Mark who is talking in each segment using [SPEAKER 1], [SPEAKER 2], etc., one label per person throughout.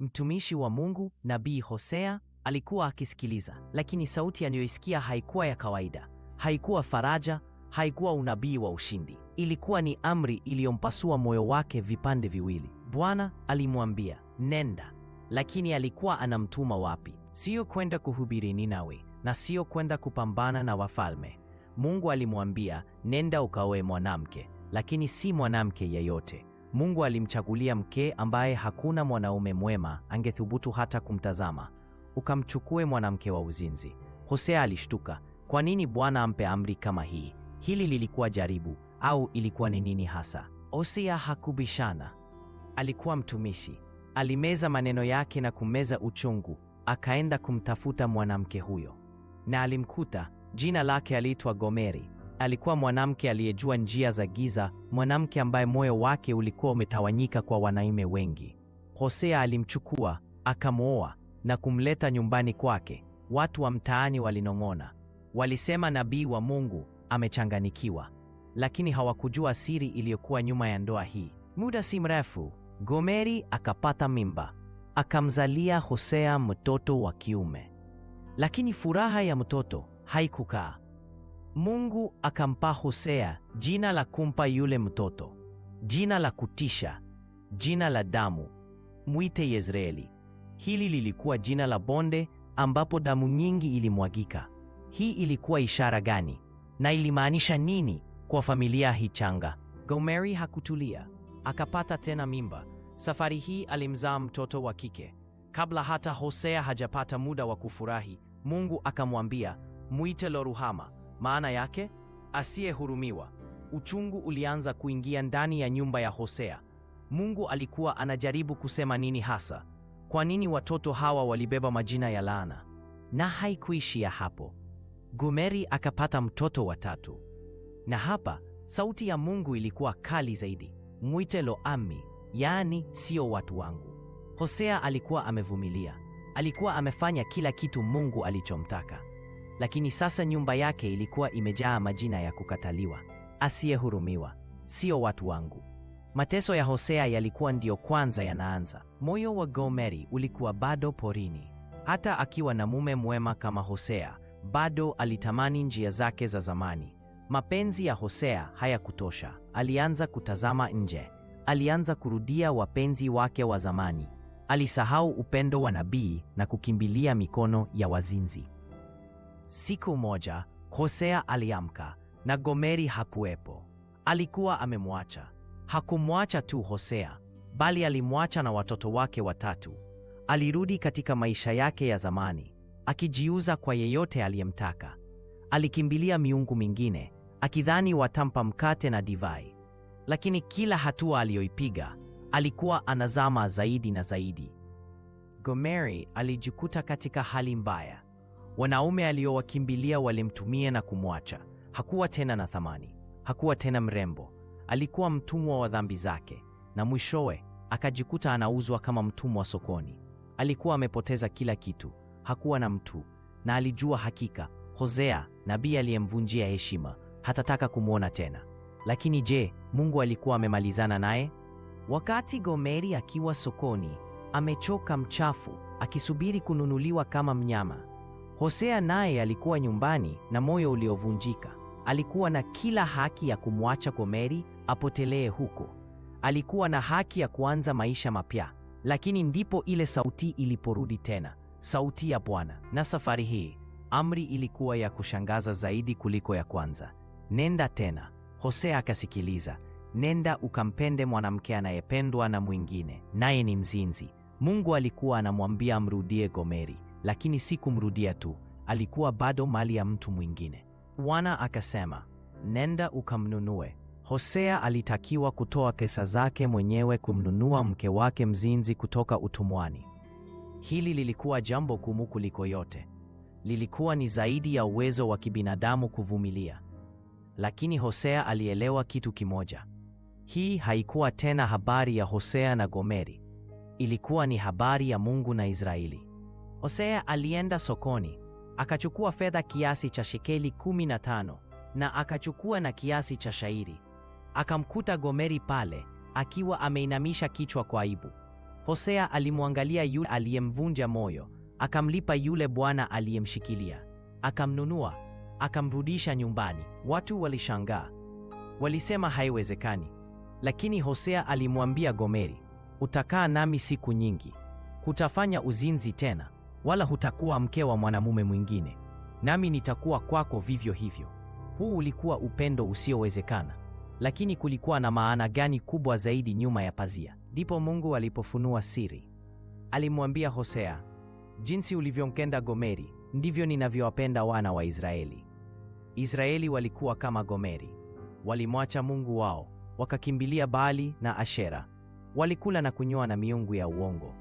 [SPEAKER 1] Mtumishi wa Mungu nabii Hosea alikuwa akisikiliza, lakini sauti aliyoisikia haikuwa ya kawaida, haikuwa faraja, haikuwa unabii wa ushindi. Ilikuwa ni amri iliyompasua moyo wake vipande viwili. Bwana alimwambia nenda, lakini alikuwa anamtuma wapi? Sio kwenda kuhubiri Ninawi na sio kwenda kupambana na wafalme. Mungu alimwambia nenda ukaoe mwanamke, lakini si mwanamke yeyote Mungu alimchagulia mke ambaye hakuna mwanaume mwema angethubutu hata kumtazama. Ukamchukue mwanamke wa uzinzi. Hosea alishtuka. Kwa nini Bwana ampe amri kama hii? Hili lilikuwa jaribu au ilikuwa ni nini hasa? Hosea hakubishana. Alikuwa mtumishi. Alimeza maneno yake na kumeza uchungu, akaenda kumtafuta mwanamke huyo na alimkuta. Jina lake aliitwa Gomeri. Alikuwa mwanamke aliyejua njia za giza, mwanamke ambaye moyo wake ulikuwa umetawanyika kwa wanaume wengi. Hosea alimchukua, akamwoa na kumleta nyumbani kwake. Watu wa mtaani walinong'ona, walisema nabii wa Mungu amechanganikiwa, lakini hawakujua siri iliyokuwa nyuma ya ndoa hii. Muda si mrefu, Gomeri akapata mimba, akamzalia Hosea mtoto wa kiume, lakini furaha ya mtoto haikukaa. Mungu akampa Hosea jina la kumpa yule mtoto, jina la kutisha, jina la damu, mwite Yezreeli. Hili lilikuwa jina la bonde ambapo damu nyingi ilimwagika. Hii ilikuwa ishara gani na ilimaanisha nini kwa familia hii changa? Gomeri hakutulia, akapata tena mimba. Safari hii alimzaa mtoto wa kike. Kabla hata Hosea hajapata muda wa kufurahi, Mungu akamwambia, mwite Loruhama. Maana yake asiyehurumiwa. Uchungu ulianza kuingia ndani ya nyumba ya Hosea. Mungu alikuwa anajaribu kusema nini hasa? Kwa nini watoto hawa walibeba majina ya laana? Na haikuishia hapo. Gomeri akapata mtoto wa tatu, na hapa sauti ya Mungu ilikuwa kali zaidi: mwite Lo-ammi, yaani sio watu wangu. Hosea alikuwa amevumilia, alikuwa amefanya kila kitu Mungu alichomtaka lakini sasa nyumba yake ilikuwa imejaa majina ya kukataliwa, asiyehurumiwa, sio watu wangu. Mateso ya Hosea yalikuwa ndiyo kwanza yanaanza. Moyo wa Gomeri ulikuwa bado porini. Hata akiwa na mume mwema kama Hosea, bado alitamani njia zake za zamani. Mapenzi ya Hosea hayakutosha. Alianza kutazama nje, alianza kurudia wapenzi wake wa zamani. Alisahau upendo wa nabii na kukimbilia mikono ya wazinzi. Siku moja Hosea aliamka na Gomeri hakuwepo. Alikuwa amemwacha. Hakumwacha tu Hosea, bali alimwacha na watoto wake watatu. Alirudi katika maisha yake ya zamani, akijiuza kwa yeyote aliyemtaka. Alikimbilia miungu mingine, akidhani watampa mkate na divai. Lakini kila hatua aliyoipiga, alikuwa anazama zaidi na zaidi. Gomeri alijikuta katika hali mbaya. Wanaume aliowakimbilia walimtumia na kumwacha. Hakuwa tena na thamani, hakuwa tena mrembo, alikuwa mtumwa wa dhambi zake, na mwishowe akajikuta anauzwa kama mtumwa sokoni. Alikuwa amepoteza kila kitu, hakuwa na mtu, na alijua hakika Hosea nabii aliyemvunjia heshima hatataka kumwona tena. Lakini je, Mungu alikuwa amemalizana naye? Wakati Gomeri akiwa sokoni amechoka, mchafu, akisubiri kununuliwa kama mnyama Hosea naye alikuwa nyumbani na moyo uliovunjika. Alikuwa na kila haki ya kumwacha Gomeri apotelee huko. Alikuwa na haki ya kuanza maisha mapya, lakini ndipo ile sauti iliporudi tena, sauti ya Bwana. Na safari hii amri ilikuwa ya kushangaza zaidi kuliko ya kwanza: nenda tena. Hosea akasikiliza, nenda ukampende mwanamke anayependwa na mwingine, naye ni mzinzi. Mungu alikuwa anamwambia amrudie Gomeri lakini si kumrudia tu, alikuwa bado mali ya mtu mwingine. Bwana akasema, nenda ukamnunue. Hosea alitakiwa kutoa pesa zake mwenyewe kumnunua mke wake mzinzi kutoka utumwani. Hili lilikuwa jambo gumu kuliko yote. Lilikuwa ni zaidi ya uwezo wa kibinadamu kuvumilia. Lakini Hosea alielewa kitu kimoja. Hii haikuwa tena habari ya Hosea na Gomeri. Ilikuwa ni habari ya Mungu na Israeli. Hosea alienda sokoni, akachukua fedha kiasi cha shekeli kumi na tano na akachukua na kiasi cha shairi. Akamkuta Gomeri pale akiwa ameinamisha kichwa kwa aibu. Hosea alimwangalia yule aliyemvunja moyo, akamlipa yule bwana aliyemshikilia, akamnunua, akamrudisha nyumbani. Watu walishangaa, walisema haiwezekani. Lakini Hosea alimwambia Gomeri, utakaa nami siku nyingi, hutafanya uzinzi tena, wala hutakuwa mke wa mwanamume mwingine, nami nitakuwa kwako vivyo hivyo. Huu ulikuwa upendo usiowezekana, lakini kulikuwa na maana gani kubwa zaidi nyuma ya pazia? Ndipo Mungu alipofunua siri. Alimwambia Hosea, jinsi ulivyomkenda Gomeri ndivyo ninavyowapenda wana wa Israeli. Israeli walikuwa kama Gomeri, walimwacha Mungu wao wakakimbilia Baali na Ashera, walikula na kunywa na miungu ya uongo.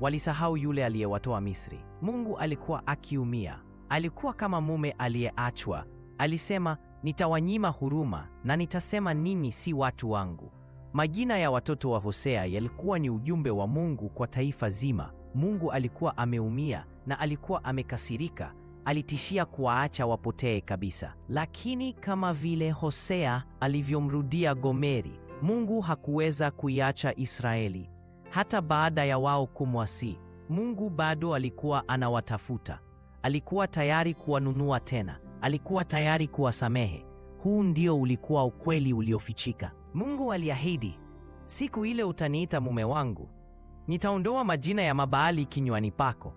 [SPEAKER 1] Walisahau yule aliyewatoa Misri. Mungu alikuwa akiumia, alikuwa kama mume aliyeachwa. Alisema, nitawanyima huruma na nitasema ninyi si watu wangu. Majina ya watoto wa Hosea yalikuwa ni ujumbe wa Mungu kwa taifa zima. Mungu alikuwa ameumia na alikuwa amekasirika, alitishia kuwaacha wapotee kabisa. Lakini kama vile Hosea alivyomrudia Gomeri, Mungu hakuweza kuiacha Israeli. Hata baada ya wao kumwasi, Mungu bado alikuwa anawatafuta. Alikuwa tayari kuwanunua tena, alikuwa tayari kuwasamehe. Huu ndio ulikuwa ukweli uliofichika. Mungu aliahidi, siku ile utaniita mume wangu, nitaondoa majina ya Mabaali kinywani pako.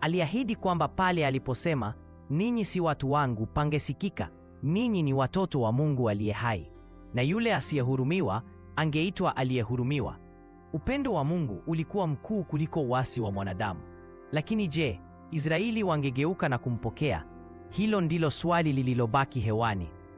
[SPEAKER 1] Aliahidi kwamba pale aliposema ninyi si watu wangu, pangesikika ninyi ni watoto wa Mungu aliye hai, na yule asiyehurumiwa angeitwa aliyehurumiwa. Upendo wa Mungu ulikuwa mkuu kuliko uasi wa mwanadamu. Lakini je, Israeli wangegeuka na kumpokea? Hilo ndilo swali lililobaki hewani.